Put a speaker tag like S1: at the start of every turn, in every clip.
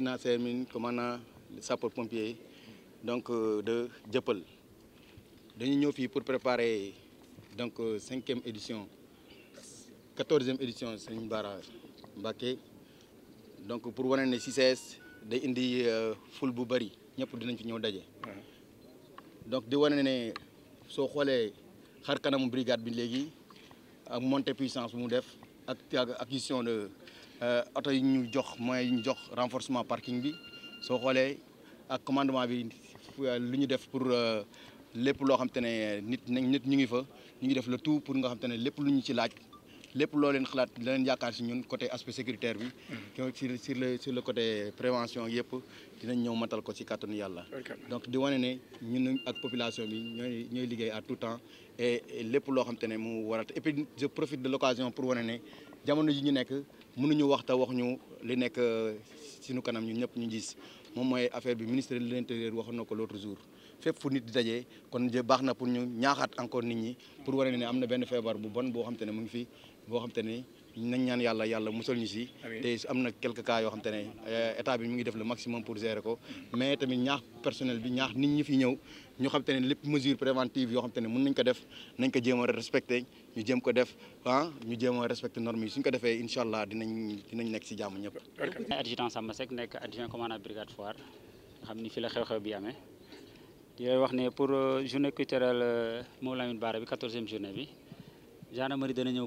S1: n'a Seydina Seymin commandant sapeur pompier donc euh, de Dieuppeul dañu ñëw fii pour préparer donc euh, cinquième édition quatorzième édition Serigne Bara Mbacké donc pour wane ne CICES day indi euh, ful bu bëri ñëpp dinañ fi ñëw daje donc di wane ne soo xoolee xar kanamu brigade bi léegi ak montée puissance bu mu def ak acquisition de auto euh, yi ñu jox moy ñu jox renforcement parking bi so xolé ak commandement bi lu ñu def pour euh, lepp lo xam tane nit nit ñu ngi fa ñu ngi def le tout pour nga xam tane lepp lu ñu ci laaj lepp lo leen xalat la leen yaakaar si ñun côté aspect sécuritaire bi. Mhm. sur sur le sur le côté prévention yépp dinañ ñëw matal ko ci kàttanu yalla donc di wone ne ñun ak population bi ñoy ñooy liggéey à tout temps et lepp lo xam tane mu waral et puis je profite de l'occasion pour wone ne jamono ji ñu nekk. mënuñu wax te wax ñu li nekk euh, nu kanam ñu ñëpp ñu gis moom mooy affaire bi ministre de l'intérieur waxoon na ko l'autre jour fépp fu nit di dajee kon baax na pour ñu ñaaxaat encore nit ñi pour wane ne am na benn feebar bu bon boo xam ne mu ngi fi boo xam te nañ ñaan yàlla yàlla musal ñu si te am na quelques cas yoo xam te ne eh, état bi mu ngi def le maximum pour gérer ko mais tamit ñaax personnel bi ñaax nit ñi fi ñëw ñu xam te ne lépp mesure préventive yoo xam te ne mën nañ ko def nañ ko jéem a ñu jéem ko def ah ñu jéem a respecté yi suñ ko defee incha allah dinañ
S2: dinañ nekk si jàmm ñëpp adjudant Samba Seck nekk adjoint commandant brigade foire nga xam ni fi la xew-xew bi amee di wax ne pour euh, journée culturelle euh, Mawlamine Bara bi quatorzième journée bi gendarmerie dana ñëw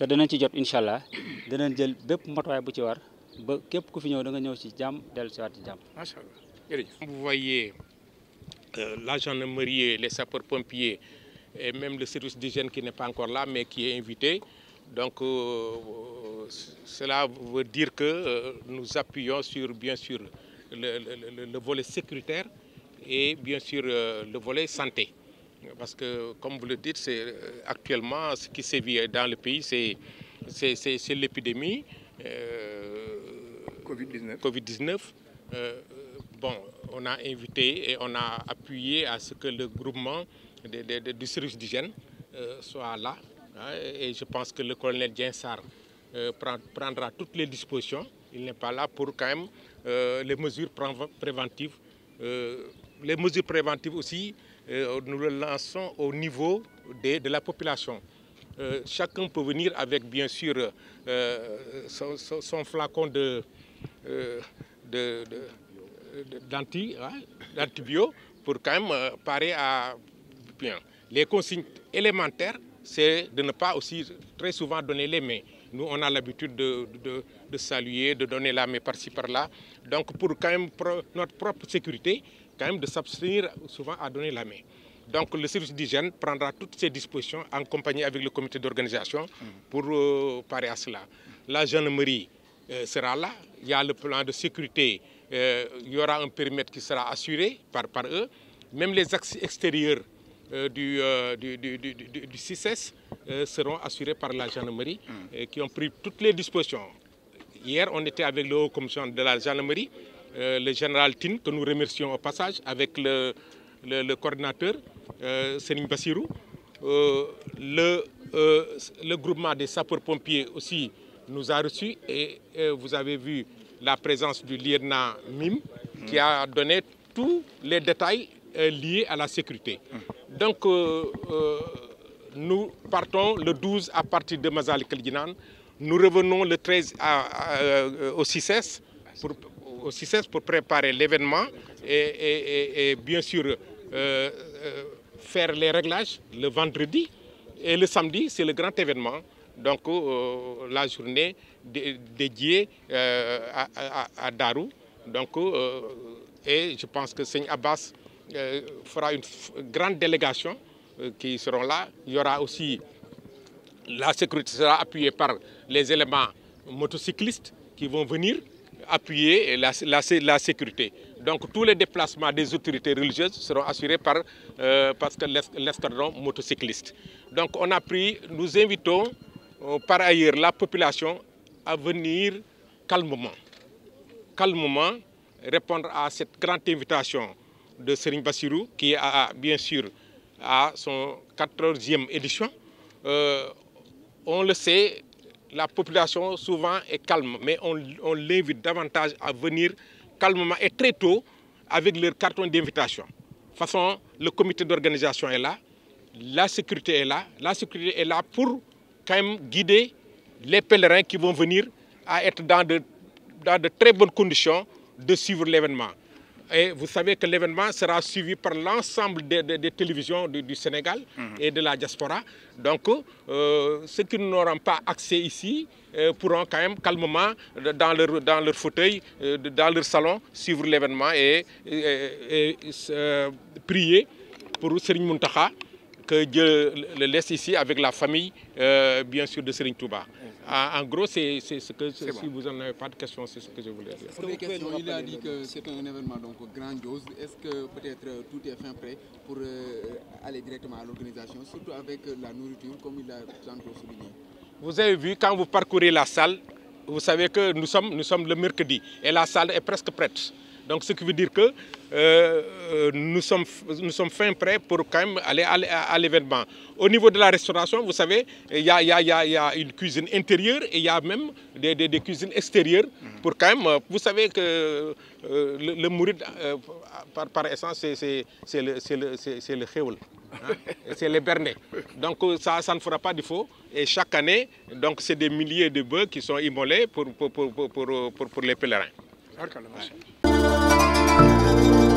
S2: vous
S3: voyez euh, l'agent de gendarmerie les sapeurs pompiers et même le service d'hygiène qui n'est pas encore là mais qui est invité donc euh, euh, cela veut dire que nous appuyons sur bien sûr le le volet sécuritaire et bien sûr le volet santé. Parce que, comme vous le dites, c'est euh, actuellement, ce qui sévit dans le pays, c'est l'épidémie. Euh, Covid-19. Euh, bon, on a invité et on a appuyé à ce que le groupement de, du service d'hygiène soit là. et je pense que le colonel Djensar prendra toutes les dispositions. Il n'est pas là pour quand même les mesures préventives les mesures préventives aussi, euh, nous les lançons au niveau de, la population. Euh, chacun peut venir avec bien sûr euh, son, flacon de, hein, d'antibio pour quand même parer à bien. Les consignes élémentaires, c'est de ne pas aussi très souvent donner les mains. Nous, on a l'habitude de, saluer, de donner la main par-ci, par-là. Donc, pour quand même notre propre sécurité, même de s'abstenir souvent à donner la main. Donc le service d'hygiène prendra toutes ses dispositions en compagnie avec le comité d'organisation pour euh, parer à cela. La gendarmerie euh, sera là, il y a le plan de sécurité, euh, il y aura un périmètre qui sera assuré par, eux. Même les axes extérieurs du, du, du, du, seront assurés par la gendarmerie mm. qui ont pris toutes les dispositions. Hier, on était avec le haut commission de la gendarmerie euh, le général Tin, que nous remercions au passage, avec le, le, le coordinateur euh, euh le, euh, le, groupement des sapeurs-pompiers aussi nous a reçus et vous avez vu la présence du Lirna Mim qui a donné tous les détails liés à la sécurité. Donc nous partons le 12 à partir de Mazal Kalginan. Nous revenons le 13 à, au CICES pour, au CICES pour préparer l'événement et, bien sûr euh, euh, faire les réglages le vendredi et le samedi, c'est le grand événement. Donc euh, la journée dédiée à, Daru Donc, et je pense que Seigne Abbas fera une grande délégation qui seront là. Il y aura aussi, la sécurité sera appuyée par les éléments motocyclistes qui vont venir appuyer la, la, sécurité. Donc tous les déplacements des autorités religieuses seront assurés par, euh, l'escadron motocycliste. Donc on a pris, nous invitons euh, par ailleurs la population à venir calmement, calmement répondre à cette grande invitation de Serigne Bassirou qui a bien sûr à son 14e édition. Euh, on le sait, la population souvent est calme, mais on, l'invite davantage à venir calmement et très tôt avec leur carton d'invitation. De toute façon, le comité d'organisation est là, la sécurité est là, la sécurité est là pour quand même guider les pèlerins qui vont venir à être dans de très bonnes conditions de suivre l'événement. Et vous savez que l'événement sera suivi par l'ensemble des, télévisions du, Sénégal mhm. et de la diaspora. Donc, euh, ceux qui n'auront pas accès ici euh, pourront quand même calmement, euh, dans leur, dans leur fauteuil, dans leur salon, suivre l'événement et, prier pour Sering Muntaha que Dieu le laisse ici avec la famille, euh, bien sûr, de Sering Touba. Ah, en, gros, c'est ce que, si vous n'en avez pas de questions, c'est ce que je voulais dire. Première question, il a dit que
S1: c'est un événement donc grandiose. Est-ce que peut-être euh, tout est fin prêt pour euh, aller directement à l'organisation, surtout avec la nourriture, comme il a tantôt souligné
S3: Vous avez vu, quand vous parcourez la salle, vous savez que nous sommes le mercredi et la salle est presque prête. Donc ce qui veut dire que euh, nous, sommes, nous fin prêts pour quand même aller à, l'événement. Au niveau de la restauration, vous savez, il y a, une cuisine intérieure et il y a même des, cuisines extérieures mhm. pour quand même, euh, vous savez que euh, le, le par, essence, c'est le, c'est le
S1: hein,
S3: bernet. Donc ça, ne fera pas de faux. Et chaque année, donc c'est des milliers de bœufs qui sont immolés pour, pour, pour les pèlerins. you